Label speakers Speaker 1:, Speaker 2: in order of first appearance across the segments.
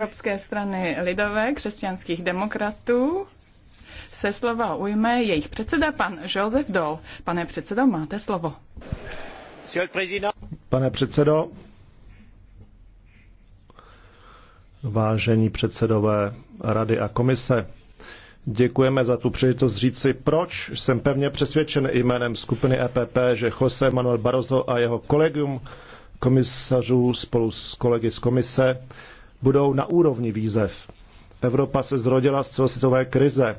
Speaker 1: Evropské strany lidové křesťanských demokratů se slova ujme jejich předseda pan Josef Dol. Pane předsedo, máte slovo.
Speaker 2: Pane předsedo, vážení předsedové rady a komise, Děkujeme za tu příležitost říct si, proč jsem pevně přesvědčen jménem skupiny EPP, že Jose Manuel Barroso a jeho kolegium komisařů spolu s kolegy z komise budou na úrovni výzev. Evropa se zrodila z celosvětové krize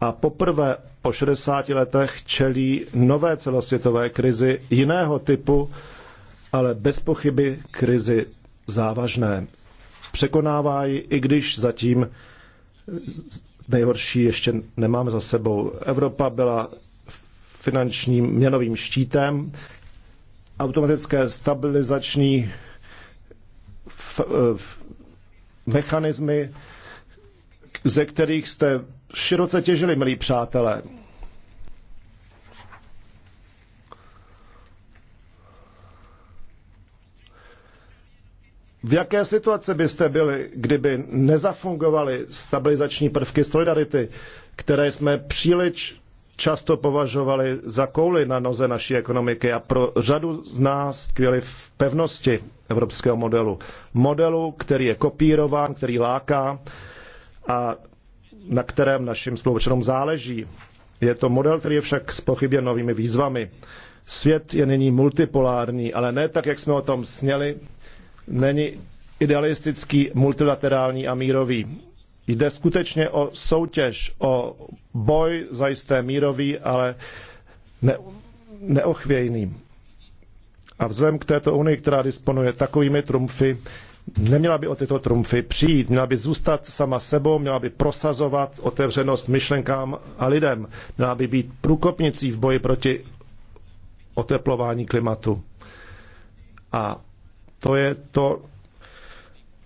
Speaker 2: a poprvé po 60 letech čelí nové celosvětové krizi jiného typu, ale bez pochyby krizi závažné. Překonává ji, i když zatím nejhorší ještě nemáme za sebou. Evropa byla finančním měnovým štítem, automatické stabilizační mechanismy, ze kterých jste široce těžili, milí přátelé. V jaké situaci byste byli, kdyby nezafungovaly stabilizační prvky solidarity, které jsme příliš často považovali za kouli na noze naší ekonomiky a pro řadu z nás kvěli v pevnosti evropského modelu. Modelu, který je kopírován, který láká a na kterém našim spoluobčanům záleží. Je to model, který je však spochyběn novými výzvami. Svět je nyní multipolární, ale ne tak, jak jsme o tom sněli. Není idealistický, multilaterální a mírový jde skutečně o soutěž, o boj, zajisté mírový, ale ne, neochvějný. A vzhledem k této unii, která disponuje takovými trumfy, neměla by o tyto trumfy přijít, měla by zůstat sama sebou, měla by prosazovat otevřenost myšlenkám a lidem, měla by být průkopnicí v boji proti oteplování klimatu. A to je to,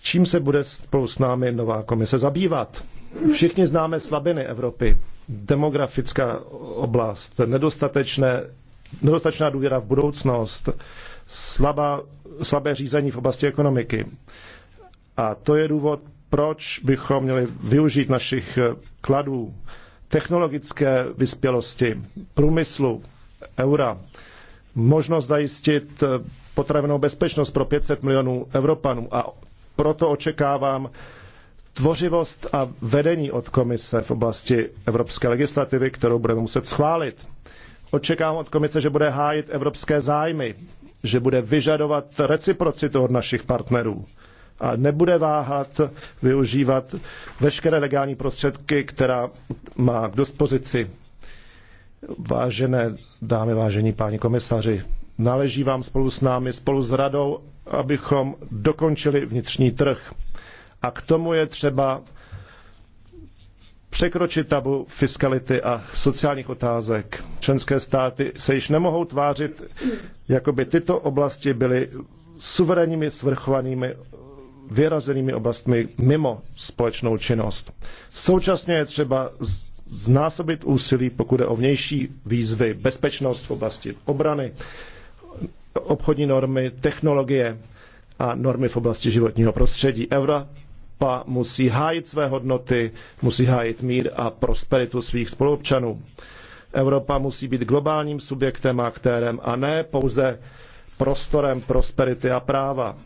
Speaker 2: čím se bude spolu s námi nová komise zabývat. Všichni známe slabiny Evropy. Demografická oblast, nedostatečné, nedostatečná důvěra v budoucnost, slabá, slabé řízení v oblasti ekonomiky. A to je důvod, proč bychom měli využít našich kladů technologické vyspělosti, průmyslu, eura, možnost zajistit potravenou bezpečnost pro 500 milionů Evropanů a proto očekávám tvořivost a vedení od komise v oblasti evropské legislativy, kterou budeme muset schválit. Očekávám od komise, že bude hájit evropské zájmy, že bude vyžadovat reciprocitu od našich partnerů a nebude váhat využívat veškeré legální prostředky, která má k dispozici. Vážené dámy, vážení páni komisaři, Náleží vám spolu s námi, spolu s radou, abychom dokončili vnitřní trh. A k tomu je třeba překročit tabu fiskality a sociálních otázek. Členské státy se již nemohou tvářit, jako by tyto oblasti byly suverénními, svrchovanými, vyrazenými oblastmi mimo společnou činnost. Současně je třeba znásobit úsilí, pokud je o vnější výzvy, bezpečnost v oblasti obrany, obchodní normy, technologie a normy v oblasti životního prostředí. Evropa musí hájit své hodnoty, musí hájit mír a prosperitu svých spoluobčanů. Evropa musí být globálním subjektem a aktérem a ne pouze prostorem prosperity a práva.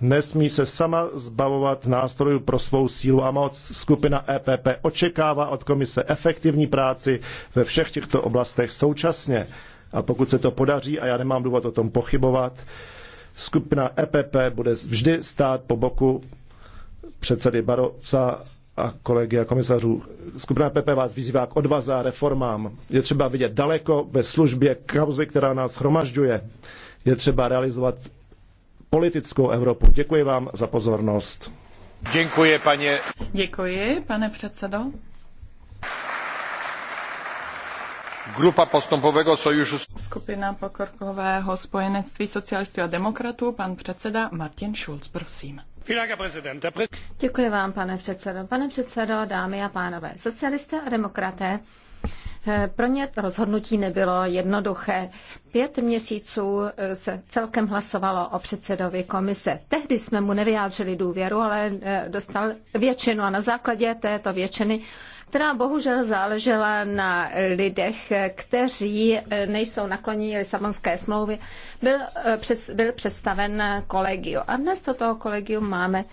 Speaker 2: Nesmí se sama zbavovat nástrojů pro svou sílu a moc. Skupina EPP očekává od komise efektivní práci ve všech těchto oblastech současně a pokud se to podaří, a já nemám důvod o tom pochybovat, skupina EPP bude vždy stát po boku předsedy Barosa a kolegy a komisařů. Skupina PP e vás vyzývá k odvaze a reformám. Je třeba vidět daleko ve službě kauzy, která nás hromažďuje. Je třeba realizovat politickou Evropu. Děkuji vám za pozornost. Děkuji, paně.
Speaker 1: Děkuji, pane předsedo.
Speaker 2: Grupa postupového sojušu.
Speaker 1: Skupina pokorkového spojenectví socialistů a demokratů, pan předseda Martin Schulz, prosím.
Speaker 3: Děkuji vám, pane předsedo. Pane předsedo, dámy a pánové, socialisté a demokraté, eh, pro ně rozhodnutí nebylo jednoduché. Pět měsíců eh, se celkem hlasovalo o předsedovi komise. Tehdy jsme mu nevyjádřili důvěru, ale eh, dostal většinu a na základě této většiny která bohužel záležela na lidech, kteří nejsou nakloněni Lisabonské smlouvy, byl, eh, byl představen kolegiu. A dnes toto kolegium máme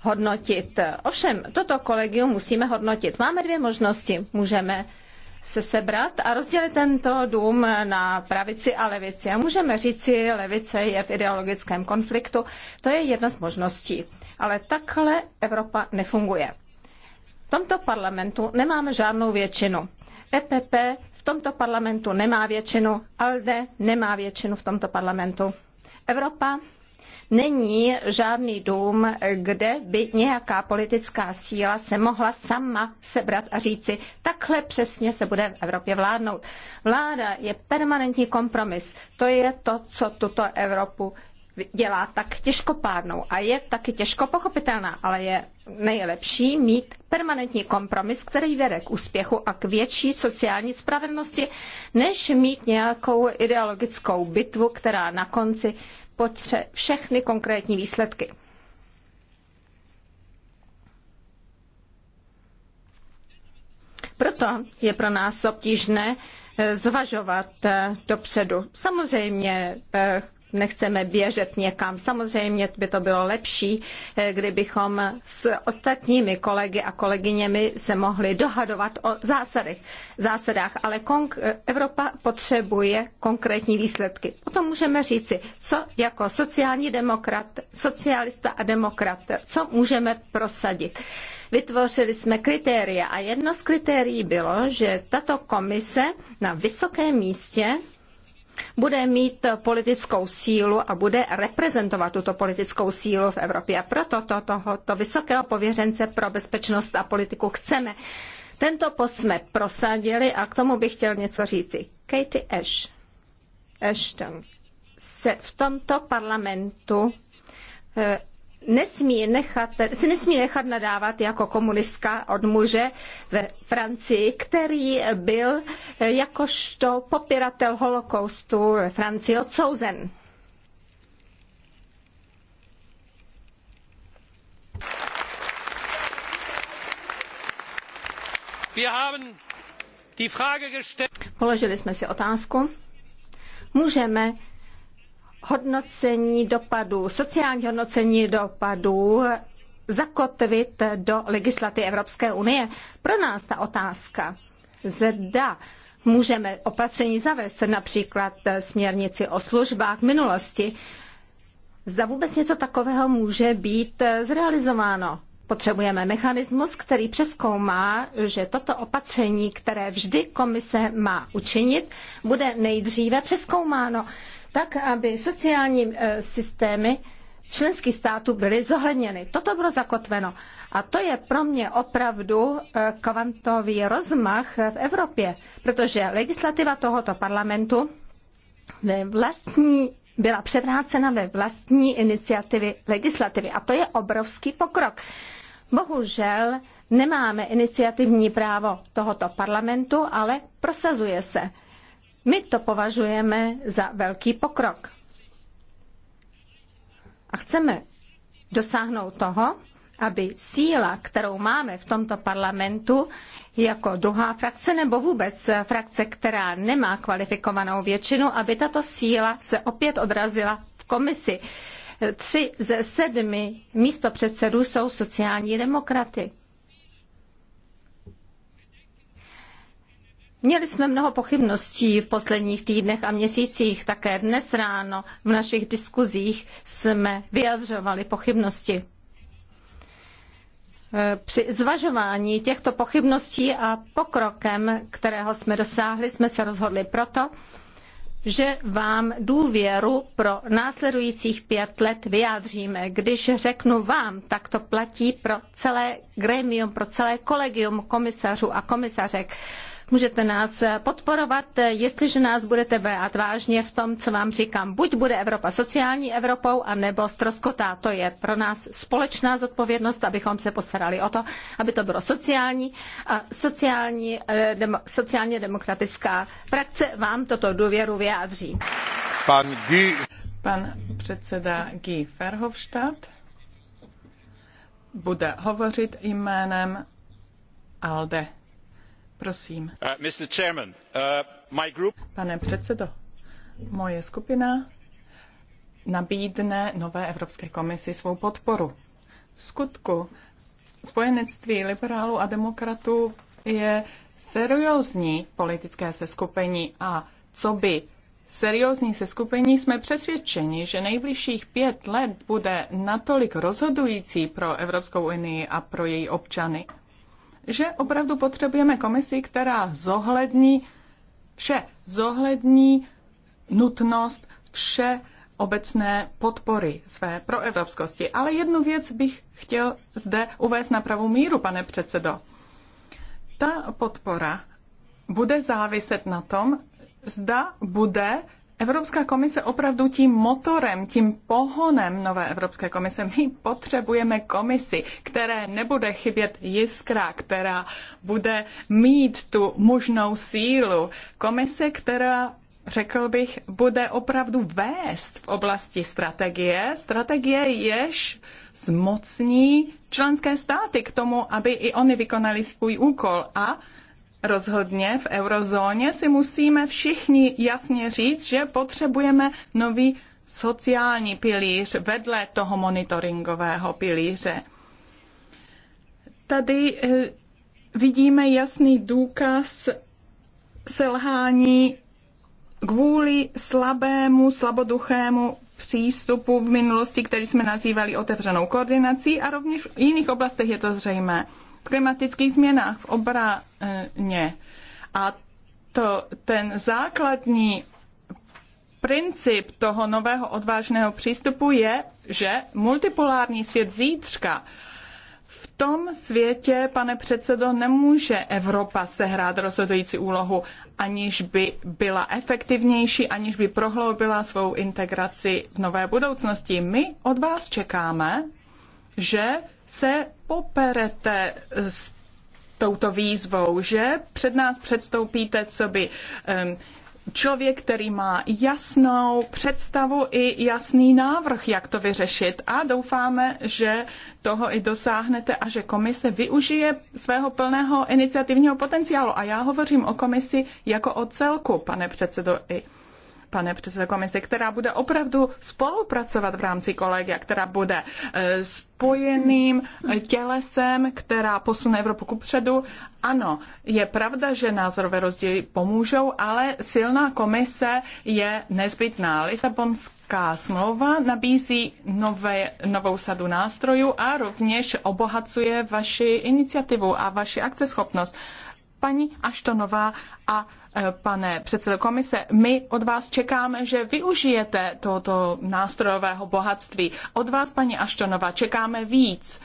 Speaker 3: hodnotit. Ovšem, toto kolegium musíme hodnotit. Máme dvě možnosti. Můžeme se sebrat a rozdělit tento dům na pravici a levici. A můžeme říci, levice je v ideologickém konfliktu. To je jedna z možností. Ale takhle Evropa nefunguje tomto parlamentu nemáme žádnou většinu. EPP v tomto parlamentu nemá většinu, ALDE nemá většinu v tomto parlamentu. Evropa není žádný dům, kde by nějaká politická síla se mohla sama sebrat a říci, takhle přesně se bude v Evropě vládnout. Vláda je permanentní kompromis. To je to, co tuto Evropu dělá tak těžkopádnou a je taky těžko pochopitelná, ale je nejlepší mít permanentní kompromis, který vede k úspěchu a k větší sociální spravedlnosti, než mít nějakou ideologickou bitvu, která na konci potře všechny konkrétní výsledky. Proto je pro nás obtížné eh, zvažovat eh, dopředu. Samozřejmě eh, nechceme běžet někam. Samozřejmě by to bylo lepší, eh, kdybychom s ostatními kolegy a kolegyněmi se mohli dohadovat o zásadech, zásadách, ale Evropa potřebuje konkrétní výsledky. Potom můžeme říci, co jako sociální demokrat, socialista a demokrat, co můžeme prosadit. Vytvořili jsme kritéria a jedno z kritérií bylo, že tato komise na vysokém místě bude mít politickou sílu a bude reprezentovat tuto politickou sílu v Evropě. A proto to, to vysokého pověřence pro bezpečnost a politiku chceme. Tento post jsme prosadili a k tomu bych chtěl něco říci. Katie Ash, Ashton se v tomto parlamentu eh, nesmí nechat, se nesmí nechat nadávat jako komunistka od muže ve Francii, který byl jakožto popiratel holokaustu ve Francii odsouzen. Položili jsme si otázku, můžeme hodnocení dopadů, sociální hodnocení dopadů zakotvit do legislativy Evropské unie. Pro nás ta otázka, zda můžeme opatření zavést, například směrnici o službách v minulosti, zda vůbec něco takového může být zrealizováno. Potřebujeme mechanismus, který přeskoumá, že toto opatření, které vždy komise má učinit, bude nejdříve přeskoumáno tak aby sociální eh, systémy členských států byly zohledněny. Toto bylo zakotveno. A to je pro mě opravdu eh, kvantový rozmach eh, v Evropě, protože legislativa tohoto parlamentu ve vlastní byla převrácena ve vlastní iniciativy legislativy. A to je obrovský pokrok. Bohužel nemáme iniciativní právo tohoto parlamentu, ale prosazuje se. My to považujeme za velký pokrok. A chceme dosáhnout toho, aby síla, kterou máme v tomto parlamentu, jako druhá frakce nebo vůbec frakce, která nemá kvalifikovanou většinu, aby tato síla se opět odrazila v komisi. Tři ze sedmi místopředsedů jsou sociální demokraty. Měli jsme mnoho pochybností v posledních týdnech a měsících. Také dnes ráno v našich diskuzích jsme vyjadřovali pochybnosti. Při zvažování těchto pochybností a pokrokem, kterého jsme dosáhli, jsme se rozhodli proto, že vám důvěru pro následujících pět let vyjádříme. Když řeknu vám, tak to platí pro celé grémium, pro celé kolegium komisařů a komisařek. Můžete nás podporovat, jestliže nás budete brát vážně v tom, co vám říkám. Buď bude Evropa sociální Evropou, anebo stroskotá. To je pro nás společná zodpovědnost, abychom se postarali o to, aby to bylo sociální a sociální, eh, sociálně demokratická frakce vám toto důvěru vyjádří. Pan, Pan předseda Guy Verhofstadt bude
Speaker 1: hovořit jménem ALDE. Uh,
Speaker 2: uh,
Speaker 1: Pane předsedo, moje skupina nabídne nové Evropské komisi svou podporu. skutku spojenectví liberálů a demokratů je seriózní politické seskupení a co by seriózní seskupení jsme přesvědčeni, že nejbližších pět let bude natolik rozhodující pro Evropskou unii a pro její občany, že opravdu potřebujeme komisi, která zohlední vše, zohlední nutnost vše obecné podpory své proevropskosti. Ale jednu věc bych chtěl zde uvést na pravou míru, pane předsedo. Ta podpora bude záviset na tom, zda bude Evropská komise opravdu tím motorem, tím pohonem nové Evropské komise. My potřebujeme komisi, které nebude chybět jiskra, která bude mít tu možnou sílu. Komise, která řekl bych, bude opravdu vést v oblasti strategie. Strategie jež zmocní členské státy k tomu, aby i oni vykonali svůj úkol a rozhodně v eurozóně si musíme všichni jasně říct, že potřebujeme nový sociální pilíř vedle toho monitoringového pilíře. Tady eh, vidíme jasný důkaz selhání kvůli slabému, slaboduchému přístupu v minulosti, který jsme nazývali otevřenou koordinací a rovněž v jiných oblastech je to zřejmé klimatických změnách, v obraně. A to, ten základní princip toho nového odvážného přístupu je, že multipolární svět zítřka v tom světě, pane předsedo, nemůže Evropa sehrát rozhodující úlohu, aniž by byla efektivnější, aniž by prohloubila svou integraci v nové budoucnosti. My od vás čekáme, že se poperete s touto výzvou, že před nás předstoupíte, co by um, člověk, který má jasnou představu i jasný návrh, jak to vyřešit. A doufáme, že toho i dosáhnete a že komise využije svého plného iniciativního potenciálu. A já hovořím o komisi jako o celku, pane předsedo, i pane předsedo komise, která bude opravdu spolupracovat v rámci kolegia, která bude e, spojeným e, tělesem, která posune Evropu kupředu. Ano, je pravda, že názorové rozdíly pomůžou, ale silná komise je nezbytná. Lisabonská smlouva nabízí nové, novou sadu nástrojů a rovněž obohacuje vaši iniciativu a vaši akceschopnost. Paní Aštonová a Eh, pane předsedo komise, my od vás čekáme, že využijete tohoto nástrojového bohatství. Od vás, paní Aštonova, čekáme víc.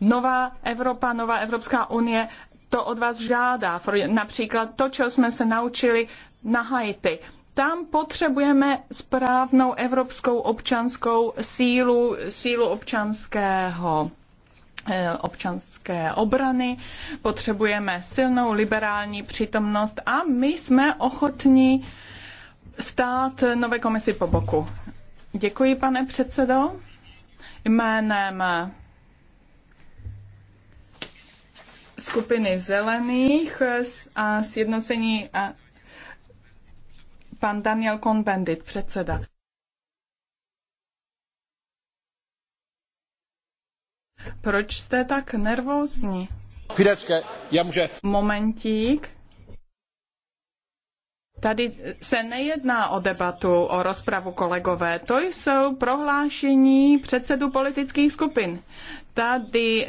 Speaker 1: Nová Evropa, nová Evropská unie to od vás žádá. Například to, čeho jsme se naučili na Haiti. Tam potřebujeme správnou evropskou občanskou sílu, sílu občanského Eh, občanské obrany, potřebujeme silnou liberální přítomnost a my jsme ochotní stát nové komisi po boku. Děkuji, pane předsedo. Jménem skupiny zelených a sjednocení a pan Daniel Kohn-Bendit, předseda. Proč jste tak nervózní?
Speaker 2: Chvídečke, já může...
Speaker 1: Momentík. Tady se nejedná o debatu, o rozpravu kolegové. To jsou prohlášení předsedů politických skupin. Tady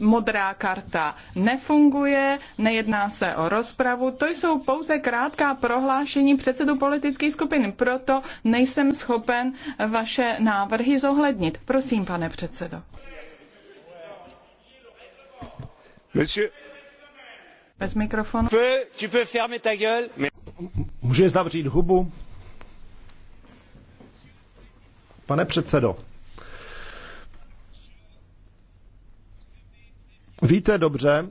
Speaker 1: modrá karta nefunguje, nejedná se o rozpravu. To jsou pouze krátká prohlášení předsedů politických skupin. Proto nejsem schopen vaše návrhy zohlednit. Prosím, pane předsedo.
Speaker 2: Pane předsedo, víte dobře,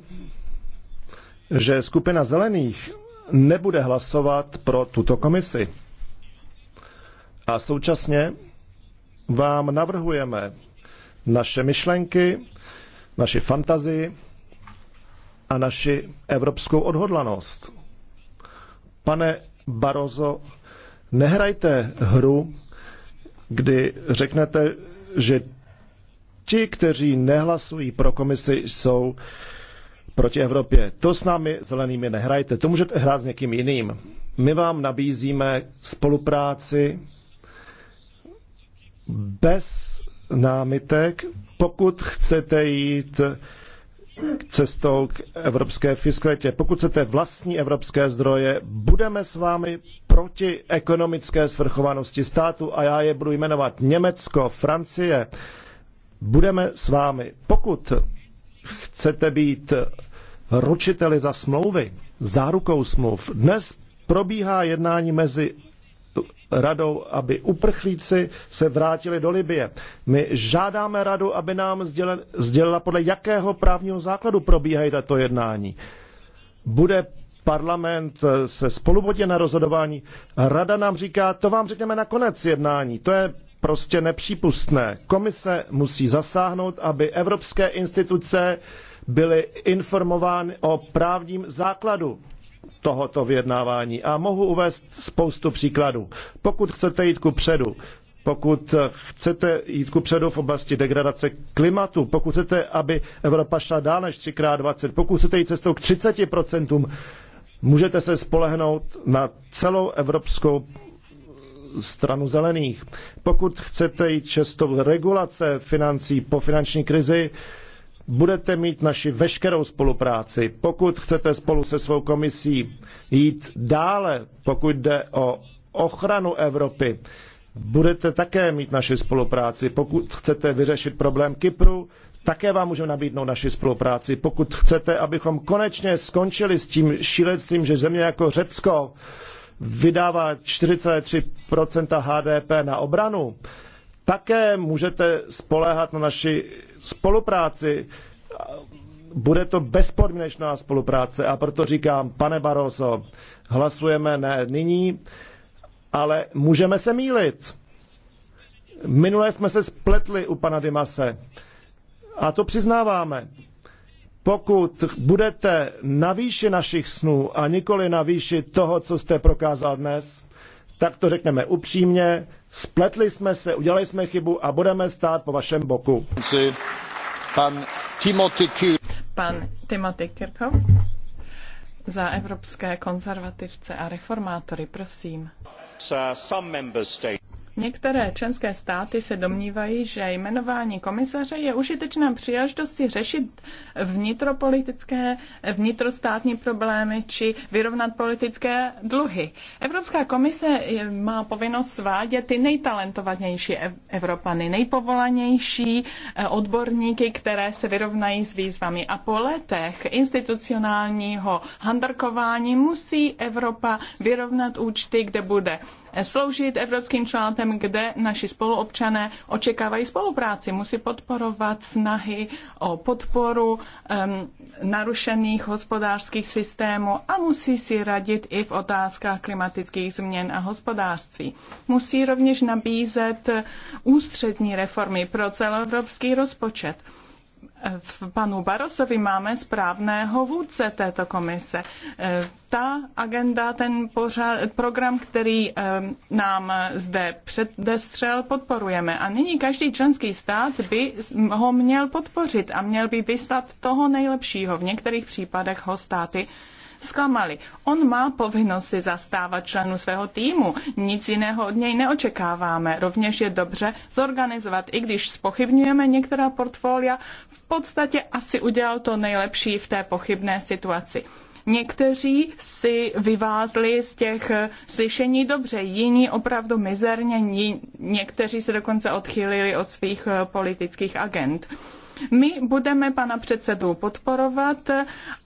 Speaker 2: že skupina zelených nebude hlasovat pro tuto komisi. A současně vám navrhujeme naše myšlenky, naši fantazii, a naši evropskou odhodlanost. Pane Barozo, nehrajte hru, kdy řeknete, že ti, kteří nehlasují pro komisi, jsou proti Evropě. To s námi zelenými nehrajte, to můžete hrát s někým jiným. My vám nabízíme spolupráci bez námitek, pokud chcete jít cestou k evropské fiskalitě. Pokud chcete vlastní evropské zdroje, budeme s vámi proti ekonomické svrchovanosti státu a já je budu jmenovat Německo, Francie. Budeme s vámi. Pokud chcete být ručiteli za smlouvy, zárukou smluv, dnes probíhá jednání mezi radou, aby uprchlíci se vrátili do Libie. My žádáme radu, aby nám sdělila, podle jakého právního základu probíhají tato jednání. Bude parlament eh, se spolubodně na rozhodování. Rada nám říká, to vám řekneme na konec jednání. To je prostě nepřípustné. Komise musí zasáhnout, aby evropské instituce byly informovány o právním základu tohoto vyjednávání. A mohu uvést spoustu příkladů. Pokud chcete jít ku předu, pokud chcete jít ku předu v oblasti degradace klimatu, pokud chcete, aby Evropa šla dál než 3x20, pokud chcete jít cestou k 30%, můžete se spolehnout na celou evropskou stranu zelených. Pokud chcete jít cestou regulace financí po finanční krizi, budete mít naši veškerou spolupráci. Pokud chcete spolu se svou komisí jít dále, pokud jde o ochranu Evropy, budete také mít naši spolupráci. Pokud chcete vyřešit problém Kypru, také vám můžeme nabídnout naši spolupráci. Pokud chcete, abychom konečně skončili s tím šílenstvím, že země jako Řecko vydává 43% HDP na obranu, také můžete spoléhat na naši spolupráci. Bude to bezpodmínečná spolupráce a proto říkám, pane Barroso, hlasujeme ne nyní, ale můžeme se mílit. Minule jsme se spletli u pana Dimase a to přiznáváme pokud budete na výši našich snů a nikoli na výši toho, co jste prokázal dnes, tak to řekneme upřímně, spletli jsme se, udělali jsme chybu a budeme stát po vašem boku. Pan Timothy,
Speaker 1: Pan Timothy Kirchhoff za evropské konzervativce a reformátory, prosím. some Některé členské státy se domnívají, že jmenování komisaře je užitečná příležitosti řešit vnitropolitické, vnitrostátní problémy či vyrovnat politické dluhy. Evropská komise má povinnost svádět ty nejtalentovanější Evropany, nejpovolanější eh, odborníky, které se vyrovnají s výzvami. A po letech institucionálního handrkování musí Evropa vyrovnat účty, kde bude eh, sloužit evropským článkům způsobem, kde naši spoluobčané očekávají spolupráci. Musí podporovat snahy o podporu um, narušených hospodářských systémů a musí si radit i v otázkách klimatických změn a hospodářství. Musí rovněž nabízet ústřední reformy pro celoevropský rozpočet v panu Barosovi máme správného vůdce této komise. E, ta agenda, ten pořad, program, který e, nám zde předestřel, podporujeme. A nyní každý členský stát by ho měl podpořit a měl by vyslat toho nejlepšího. V některých případech ho státy zklamali. On má povinnost si zastávat členů svého týmu, nic jiného od něj neočekáváme. Rovněž je dobře zorganizovat, i když spochybňujeme některá portfolia, v podstatě asi udělal to nejlepší v té pochybné situaci. Někteří si vyvázli z těch eh, slyšení dobře, jiní opravdu mizerně, někteří se dokonce odchýlili od svých eh, politických agent. My budeme pana předsedu podporovat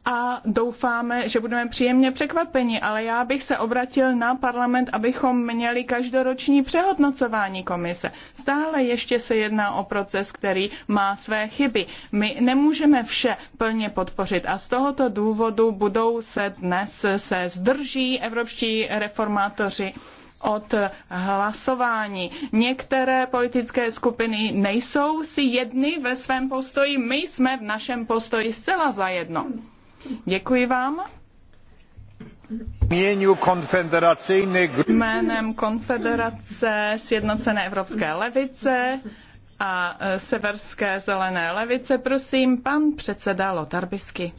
Speaker 1: a doufáme, že budeme příjemně překvapeni, ale já bych se obratil na parlament, abychom měli každoroční přehodnocování komise. Stále ještě se jedná o proces, který má své chyby. My nemůžeme vše plně podpořit a z tohoto důvodu budou se dnes se zdrží evropští reformátoři od hlasování. Některé politické skupiny nejsou si jedny ve svém postoji, my jsme v našem postoji zcela zajedno. Děkuji vám.
Speaker 2: Jménem
Speaker 1: Konfederace Sjednocené evropské levice a Severské zelené levice, prosím, pan předseda
Speaker 3: Lotar Bisky.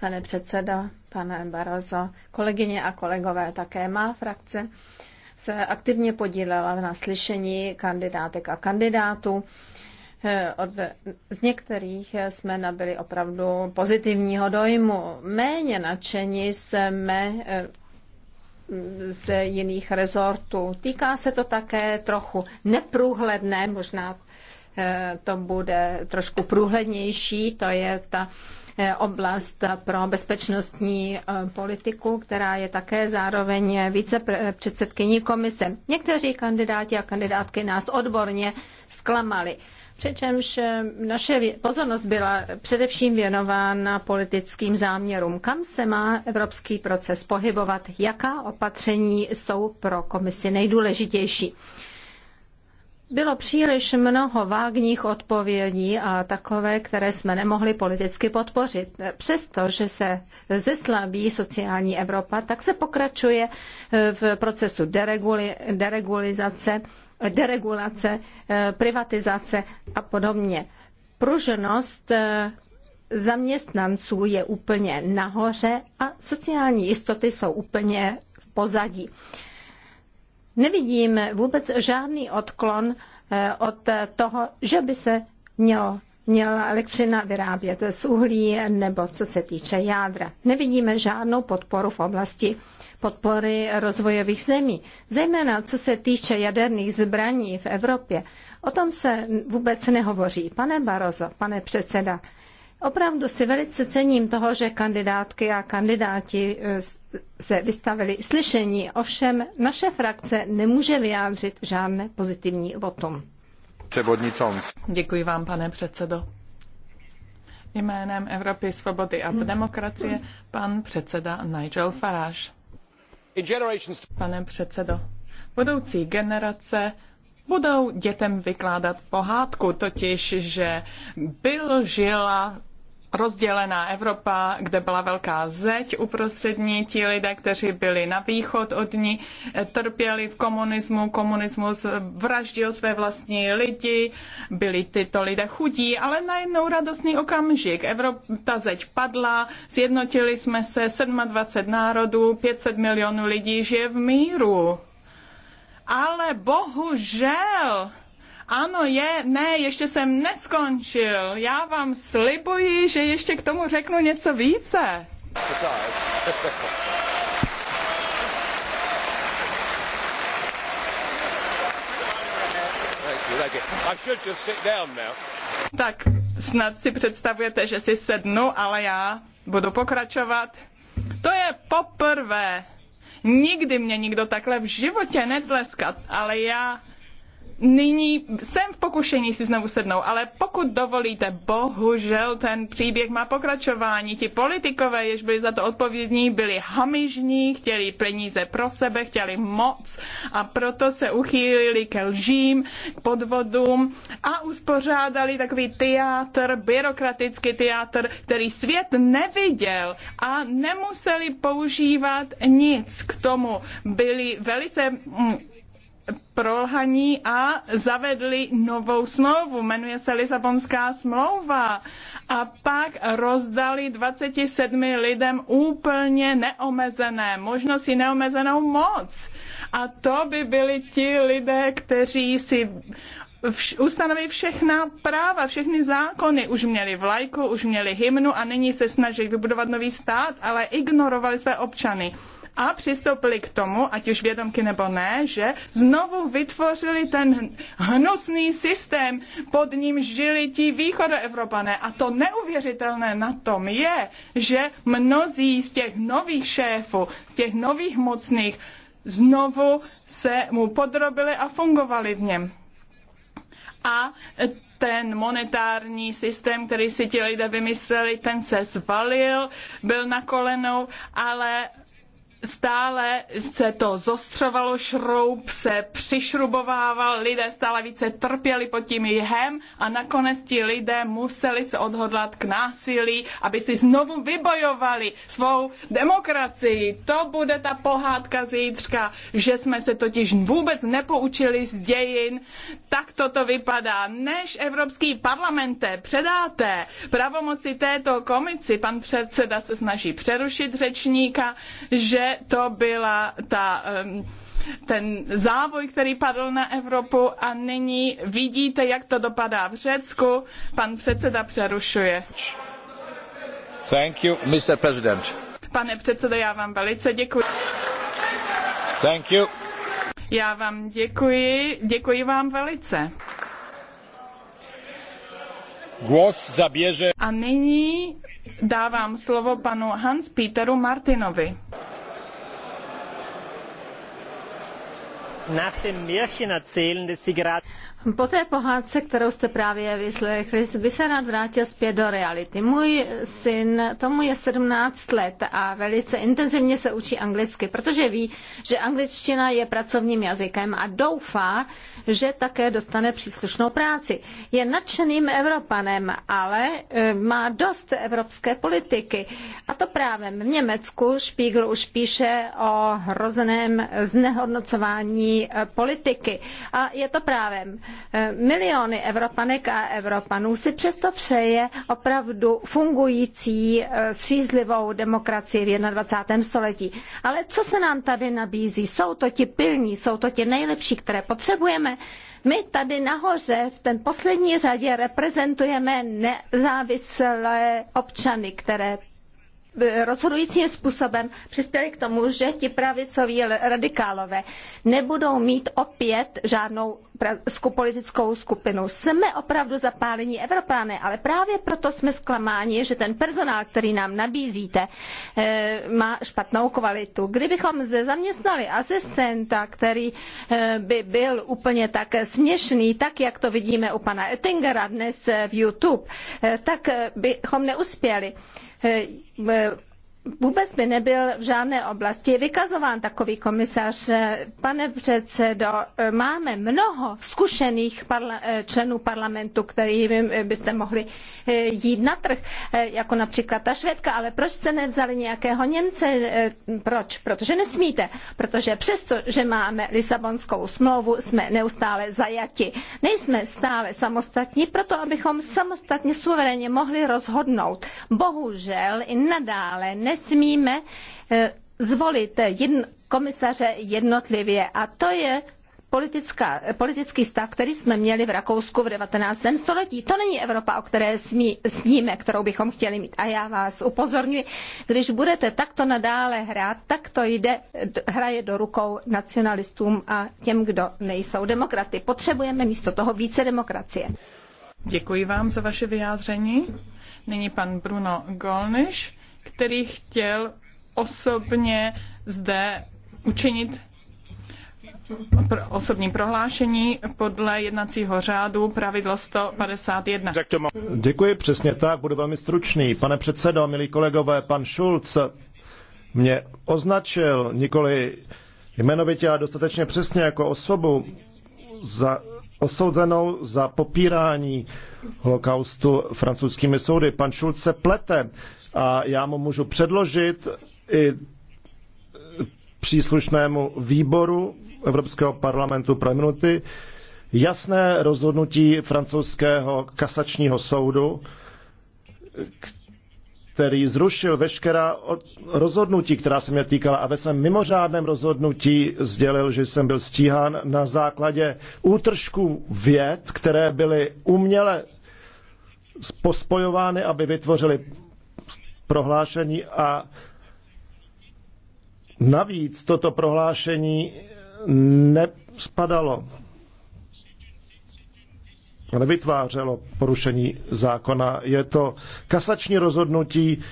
Speaker 3: Pane předsedo, pane Barozo, kolegyně a kolegové, také má frakce se aktivně podílela na slyšení kandidátek a kandidátů. Eh, od, z některých jsme nabili opravdu pozitivního dojmu. Méně nadšení jsme eh, z jiných rezortů. Týká se to také trochu neprůhledné, možná eh, to bude trošku průhlednější, to je ta Eh, oblast pro bezpečnostní eh, politiku, která je také zároveň vicepředsedkyní komise. Někteří kandidáti a kandidátky nás odborně zklamali. Přičemž eh, naše pozornost byla především věnována politickým záměrům. Kam se má evropský proces pohybovat? Jaká opatření jsou pro komisi nejdůležitější? Bylo příliš mnoho vágních odpovědí a takové, které jsme nemohli politicky podpořit. Přesto, že se zeslabí sociální Evropa, tak se pokračuje eh, v procesu dereguli, deregulizace, deregulace, eh, privatizace a podobně. Pruženost eh, zaměstnanců je úplně nahoře a sociální jistoty jsou úplně v pozadí nevidím vůbec žádný odklon eh, od toho, že by se mělo měla elektřina vyrábět z uhlí nebo co se týče jádra. Nevidíme žádnou podporu v oblasti podpory rozvojových zemí, zejména co se týče jaderných zbraní v Evropě. O tom se vůbec nehovoří. Pane Barozo, pane předseda, Opravdu si velice cením toho, že kandidátky a kandidáti eh, se vystavili slyšení, ovšem naše frakce nemůže vyjádřit žádné pozitivní votum. Děkuji vám, pane předsedo.
Speaker 1: Jménem Evropy svobody a demokracie pan předseda Nigel Farage. Pane předsedo, budoucí generace budou dětem vykládat pohádku, totiž, že byl žila rozdělená Evropa, kde byla velká zeď uprostřed ní, ti lidé, kteří byli na východ od ní, trpěli v komunismu, komunismus vraždil své vlastní lidi, byli tyto lidé chudí, ale najednou radostný okamžik. Evropa, ta zeď padla, sjednotili jsme se, 27 národů, 500 milionů lidí žije v míru. Ale bohužel, ano, je, ne, ještě jsem neskončil. Já vám slibuji, že ještě k tomu řeknu něco více. Tak snad si představujete, že si sednu, ale já budu pokračovat. To je poprvé. Nikdy mě nikdo takhle v životě netleskat, ale já nyní jsem v pokušení si znovu sednout, ale pokud dovolíte, bohužel ten příběh má pokračování. Ti politikové, jež byli za to odpovědní, byli hamižní, chtěli peníze pro sebe, chtěli moc a proto se uchýlili ke lžím, k podvodům a uspořádali takový teátr, byrokratický teátr, který svět neviděl a nemuseli používat nic k tomu. Byli velice mm, prolhaní a zavedli novou smlouvu, jmenuje se Lisabonská smlouva. A pak rozdali 27 lidem úplně neomezené možnosti, neomezenou moc. A to by byli ti lidé, kteří si vš- ustanoví všechna práva, všechny zákony. Už měli vlajku, už měli hymnu a nyní se snaží vybudovat nový stát, ale ignorovali své občany a přistoupili k tomu, ať už vědomky nebo ne, že znovu vytvořili ten hnusný systém, pod ním žili ti východoevropané. A to neuvěřitelné na tom je, že mnozí z těch nových šéfů, z těch nových mocných, znovu se mu podrobili a fungovali v něm. A ten monetární systém, který si ti lidé vymysleli, ten se zvalil, byl na kolenou, ale stále se to zostřovalo, šroub se přišrubovával, lidé stále více trpěli pod tím jihem a nakonec ti lidé museli se odhodlat k násilí, aby si znovu vybojovali svou demokracii. To bude ta pohádka zítřka, že jsme se totiž vůbec nepoučili z dějin. Tak toto vypadá. Než Evropský parlamente předáte pravomoci této komici, pan předseda se snaží přerušit řečníka, že to byla ta ten závoj, který padl na Evropu a nyní vidíte, jak to dopadá v Řecku. Pan předseda přerušuje.
Speaker 2: Thank you, Mr. President.
Speaker 1: Pane předsedo, já vám velice děkuji. Thank you. Já vám děkuji, děkuji vám velice.
Speaker 2: Głos zabierze...
Speaker 1: A nyní dávám slovo panu Hans Peteru Martinovi. nach dem märchen erzählen das sie gerade.
Speaker 3: Po té pohádce, kterou jste právě vyslechli, by se rád vrátil zpět do reality. Můj syn, tomu je 17 let a velice intenzivně se učí anglicky, protože ví, že angličtina je pracovním jazykem a doufá, že také dostane příslušnou práci. Je nadšeným Evropanem, ale e, má dost evropské politiky. A to právě v Německu Špígl už píše o hrozném znehodnocování e, politiky. A je to právě Eh, miliony Evropanek a Evropanů si přesto přeje opravdu fungující eh, střízlivou demokracii v 21. století. Ale co se nám tady nabízí? Jsou to ti pilní, jsou to ti nejlepší, které potřebujeme? My tady nahoře v ten poslední řadě reprezentujeme nezávislé občany, které eh, rozhodujícím způsobem přispěli k tomu, že ti pravicoví radikálové nebudou mít opět žádnou politickou skupinu. Jsme opravdu zapálení Evropány, ale právě proto jsme zklamáni, že ten personál, který nám nabízíte, eh, má špatnou kvalitu. Kdybychom zde zaměstnali asistenta, který eh, by byl úplně tak směšný, tak jak to vidíme u pana Oettingera dnes eh, v YouTube, tak bychom neuspěli vůbec by nebyl v žádné oblasti vykazován takový komisař. Pane předsedo, máme mnoho zkušených parla členů parlamentu, kterými byste mohli eh, jít na trh, eh, jako například ta Švédka, ale proč jste nevzali nějakého Němce? Eh, proč? Protože nesmíte. Protože přesto, že máme Lisabonskou smlouvu, jsme neustále zajati. Nejsme stále samostatní, proto abychom samostatně suverénně mohli rozhodnout. Bohužel i nadále ne nesmíme eh, zvolit jedn, komisaře jednotlivě. A to je politická, politický stav, který jsme měli v Rakousku v 19. století. To není Evropa, o které smí, sníme, kterou bychom chtěli mít. A já vás upozorňuji, když budete takto nadále hrát, tak to jde, hraje do rukou nacionalistům a těm, kdo nejsou demokraty. Potřebujeme místo toho více demokracie.
Speaker 1: Děkuji vám za vaše vyjádření. Nyní pan Bruno Golniš který chtěl osobně zde učinit osobní prohlášení podle jednacího řádu pravidlo 151.
Speaker 2: Děkuji, přesně tak, budu velmi stručný. Pane předsedo, milí kolegové, pan Schulz mě označil nikoli jmenovitě, ale dostatečně přesně jako osobu za osouzenou za popírání holokaustu francouzskými soudy. Pan Schulz se plete a já mu můžu předložit i příslušnému výboru Evropského parlamentu pro minuty jasné rozhodnutí francouzského kasačního soudu, který zrušil veškerá rozhodnutí, která se mě týkala a ve svém mimořádném rozhodnutí sdělil, že jsem byl stíhán na základě útržků věd, které byly uměle pospojovány, aby vytvořily prohlášení a navíc toto prohlášení nespadalo nevytvářelo porušení zákona. Je to kasační rozhodnutí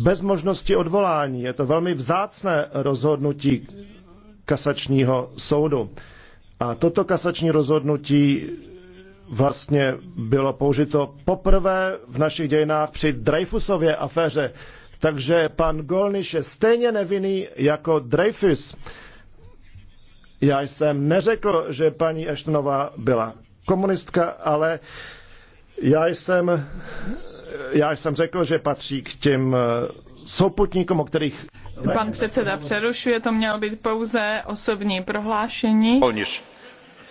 Speaker 2: bez možnosti odvolání. Je to velmi vzácné rozhodnutí kasačního soudu. A toto kasační rozhodnutí vlastně bylo použito poprvé v našich dějinách při Dreyfusově aféře. Takže pan Golniš je stejně nevinný jako Dreyfus. Já jsem neřekl, že paní Eštonová byla komunistka, ale já jsem, já jsem řekl, že patří k těm eh, souputníkům, o kterých...
Speaker 1: Pan předseda přerušuje, to mělo být pouze osobní prohlášení.
Speaker 2: Golniš,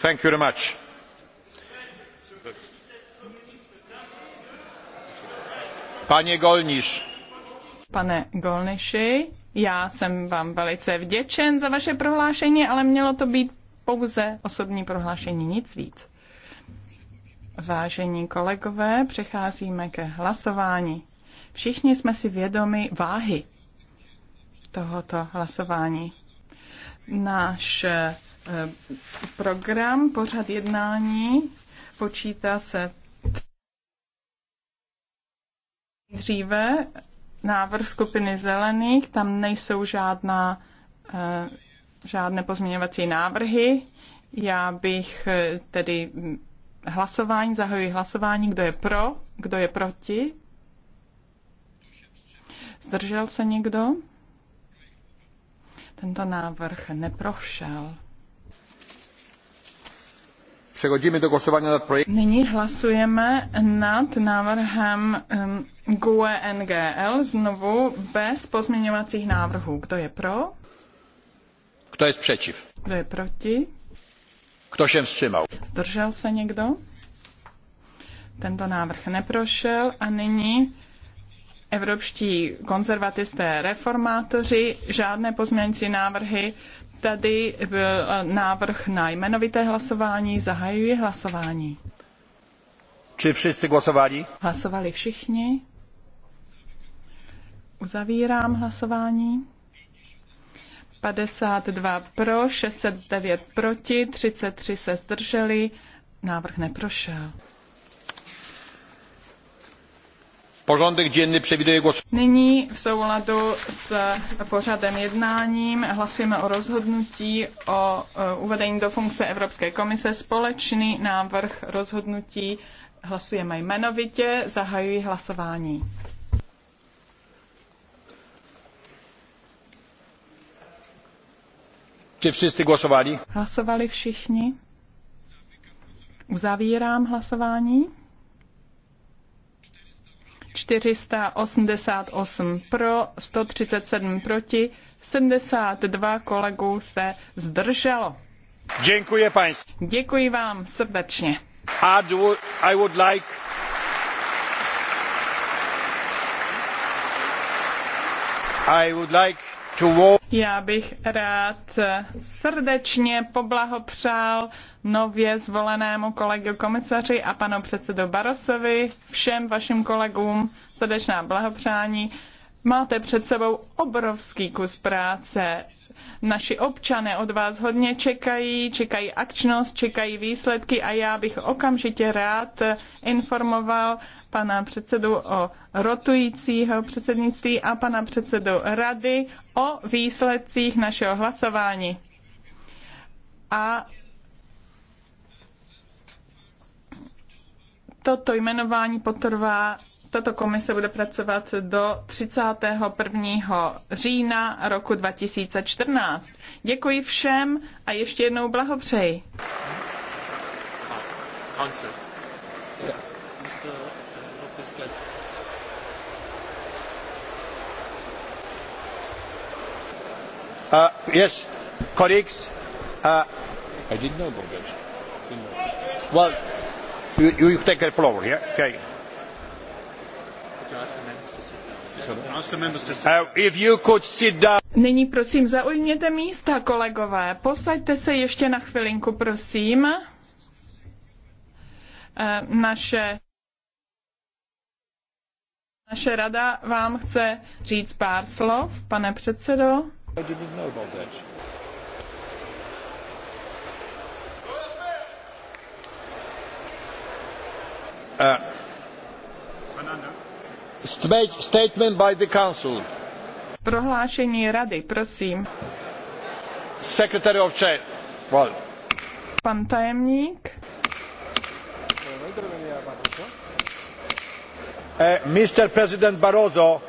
Speaker 2: thank you very much. Pane Golniš.
Speaker 1: Pane Golniši, já jsem vám velice vděčen za vaše prohlášení, ale mělo to být pouze osobní prohlášení, nic víc. Vážení kolegové, přecházíme ke hlasování. Všichni jsme si vědomi váhy tohoto hlasování. Náš eh, program, pořad jednání počítá se Dříve návrh skupiny zelených, tam nejsou žádná, eh, žádné pozměňovací návrhy. Já bych eh, tedy mm, hlasování, zahajuji hlasování, kdo je pro, kdo je proti. Zdržel se někdo? Tento návrh neprošel. Přechodíme do hlasování nad Nyní hlasujeme nad návrhem um, GUE NGL znovu bez pozměňovacích návrhů. Kdo je pro?
Speaker 2: Kdo je přeciv?
Speaker 1: Kdo je proti?
Speaker 2: Kdo se vstrzymał?
Speaker 1: Zdržel se někdo? Tento návrh neprošel a nyní evropští konzervatisté reformátoři žádné pozměňující návrhy Tady byl eh, návrh na jmenovité hlasování. Zahajuji hlasování.
Speaker 2: Či všichni hlasovali?
Speaker 1: Hlasovali všichni. Uzavírám hlasování. 52 pro, 609 proti, 33 se zdrželi. Návrh neprošel. Pořádek Nyní v souladu s pořadem jednáním hlasujeme o rozhodnutí o e, uvedení do funkce Evropské komise. Společný návrh rozhodnutí hlasujeme jmenovitě. Zahajuji hlasování.
Speaker 2: všichni hlasovali?
Speaker 1: Hlasovali všichni. Uzavírám hlasování. 488 pro, 137 proti, 72 kolegů se zdrželo. Děkuji, paňs. Děkuji vám srdečně. I would like
Speaker 2: I would like
Speaker 1: já bych rád srdečně poblahopřál nově zvolenému kolegu komisaři a panu předsedu Barosovi, všem vašim kolegům srdečná blahopřání. Máte před sebou obrovský kus práce. Naši občané od vás hodně čekají, čekají akčnost, čekají výsledky a já bych okamžitě rád informoval pana předsedu o rotujícího předsednictví a pana předsedu rady o výsledcích našeho hlasování. A toto jmenování potrvá, tato komise bude pracovat do 31. října roku 2014. Děkuji všem a ještě jednou blahopřeji.
Speaker 3: Mr.
Speaker 2: Uh, yes, colleagues. Uh, I didn't know about that. Well, you, you take the floor, yeah? Okay.
Speaker 1: Uh, Nyní prosím zaujměte místa, kolegové. Posaďte se ještě na chvilinku, prosím. Uh, naše, naše rada vám chce říct pár slov, pane předsedo.
Speaker 2: I didn't know about that. Uh, statement by the council.
Speaker 1: Prohlášení rady, prosím.
Speaker 2: Secretary of Chair. Well.
Speaker 1: Pan tajemník.
Speaker 2: Uh, Mr. President Barroso,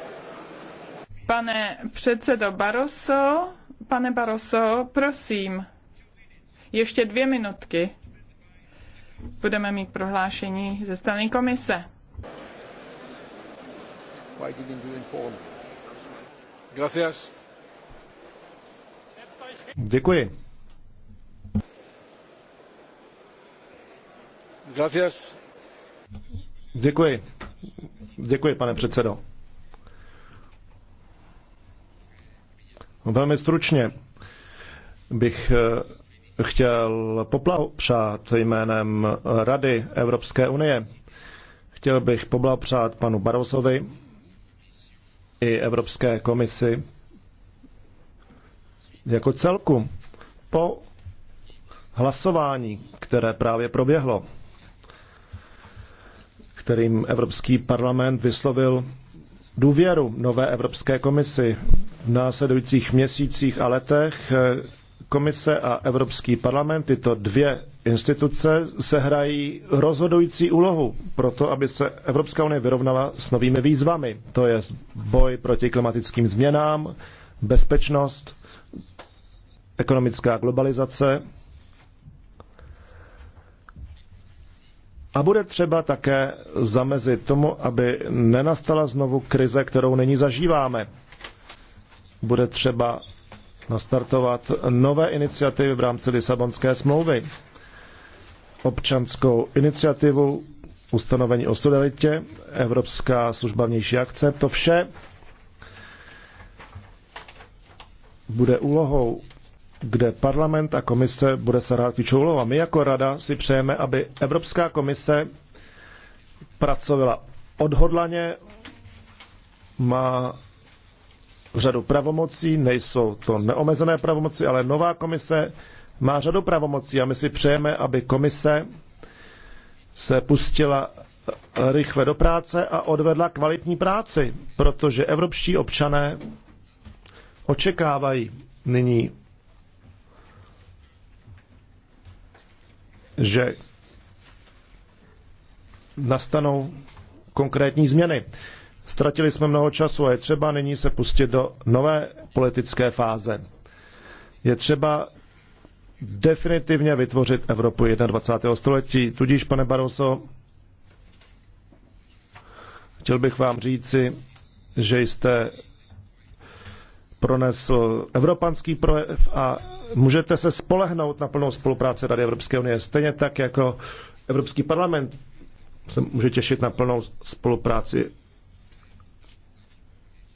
Speaker 1: Pane předsedo Barroso, pane Barroso, prosím, ještě dvě minutky. Budeme mít prohlášení ze strany komise.
Speaker 2: Děkuji. Děkuji. Děkuji, pane předsedo. No, velmi stručně bych eh, chtěl poblahopřát jménem Rady Evropské unie. Chtěl bych poblahopřát panu Barosovi i Evropské komisi jako celku po hlasování, které právě proběhlo, kterým Evropský parlament vyslovil důvěru nové Evropské komisi. V následujících měsících a letech komise a Evropský parlament, tyto dvě instituce, sehrají rozhodující úlohu pro to, aby se Evropská unie vyrovnala s novými výzvami. To je boj proti klimatickým změnám, bezpečnost, ekonomická globalizace, A bude třeba také zamezit tomu, aby nenastala znovu krize, kterou nyní zažíváme. Bude třeba nastartovat nové iniciativy v rámci Lisabonské smlouvy. Občanskou iniciativu, ustanovení o solidaritě, Evropská služba vnější akce, to vše bude úlohou kde parlament a komise bude se rád klíčovou A my jako rada si přejeme, aby Evropská komise pracovala odhodlaně, má řadu pravomocí, nejsou to neomezené pravomoci, ale nová komise má řadu pravomocí a my si přejeme, aby komise se pustila rychle do práce a odvedla kvalitní práci, protože evropští občané očekávají nyní že nastanou konkrétní změny. Ztratili jsme mnoho času a je třeba nyní se pustit do nové politické fáze. Je třeba definitivně vytvořit Evropu 21. století. Tudíž, pane Barroso, chtěl bych vám říci, že jste pronesl evropanský projev a můžete se spolehnout na plnou spolupráci Rady Evropské unie, stejně tak jako Evropský parlament se může těšit na plnou spolupráci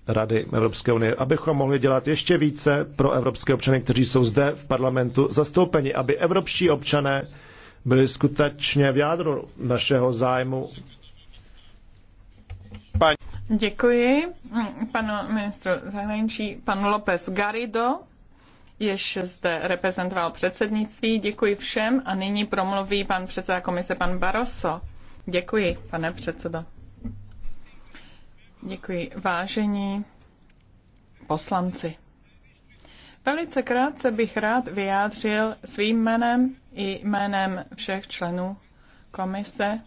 Speaker 2: Rady Evropské unie, abychom mohli dělat ještě více pro evropské občany, kteří jsou zde v parlamentu zastoupeni, aby evropští občané byli skutečně v jádru našeho zájmu.
Speaker 1: Pani. Děkuji panu ministru zahraničí, panu López Garrido, jež zde reprezentoval předsednictví. Děkuji všem a nyní promluví pan předseda komise, pan Barroso. Děkuji, pane předsedo. Děkuji, vážení poslanci. Velice krátce bych rád vyjádřil svým jménem i jménem všech členů komise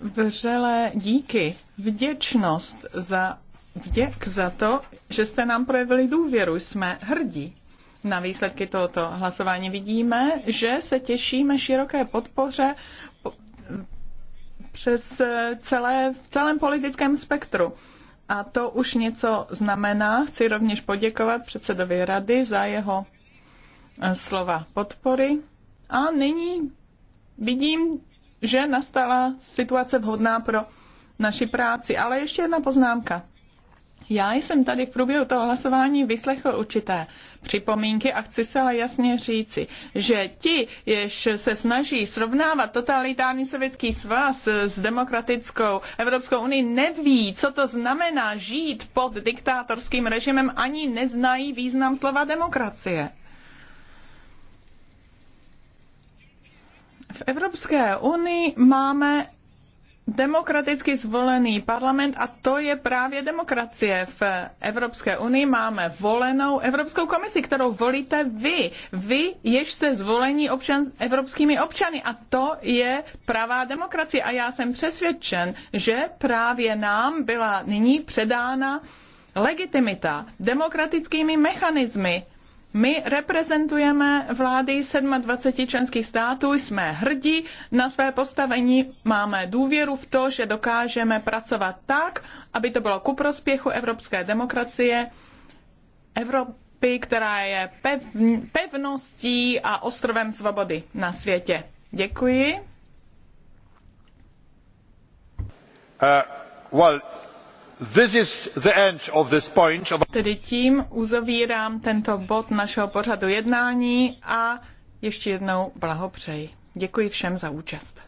Speaker 1: vřelé díky, vděčnost za vděk za to, že jste nám projevili důvěru. Jsme hrdí na výsledky tohoto hlasování. Vidíme, že se těšíme široké podpoře přes celé, v celém politickém spektru. A to už něco znamená. Chci rovněž poděkovat předsedovi rady za jeho eh, slova podpory. A nyní vidím že nastala situace vhodná pro naši práci. Ale ještě jedna poznámka. Já jsem tady v průběhu toho hlasování vyslechl určité připomínky a chci se ale jasně říci, že ti, jež se snaží srovnávat totalitární sovětský svaz s demokratickou Evropskou unii, neví, co to znamená žít pod diktátorským režimem, ani neznají význam slova demokracie. V Evropské unii máme demokraticky zvolený parlament a to je právě demokracie. V Evropské unii máme volenou Evropskou komisi, kterou volíte vy. Vy, jež jste zvolení občan, evropskými občany a to je pravá demokracie. A já jsem přesvědčen, že právě nám byla nyní předána legitimita demokratickými mechanismy my reprezentujeme vlády 27 členských států, jsme hrdí na své postavení, máme důvěru v to, že dokážeme pracovat tak, aby to bylo ku prospěchu evropské demokracie, Evropy, která je pevností a ostrovem svobody na světě. Děkuji.
Speaker 2: Uh, well
Speaker 1: Tedy tím uzavírám tento bod našeho pořadu jednání a ještě jednou blahopřeji. Děkuji všem za účast.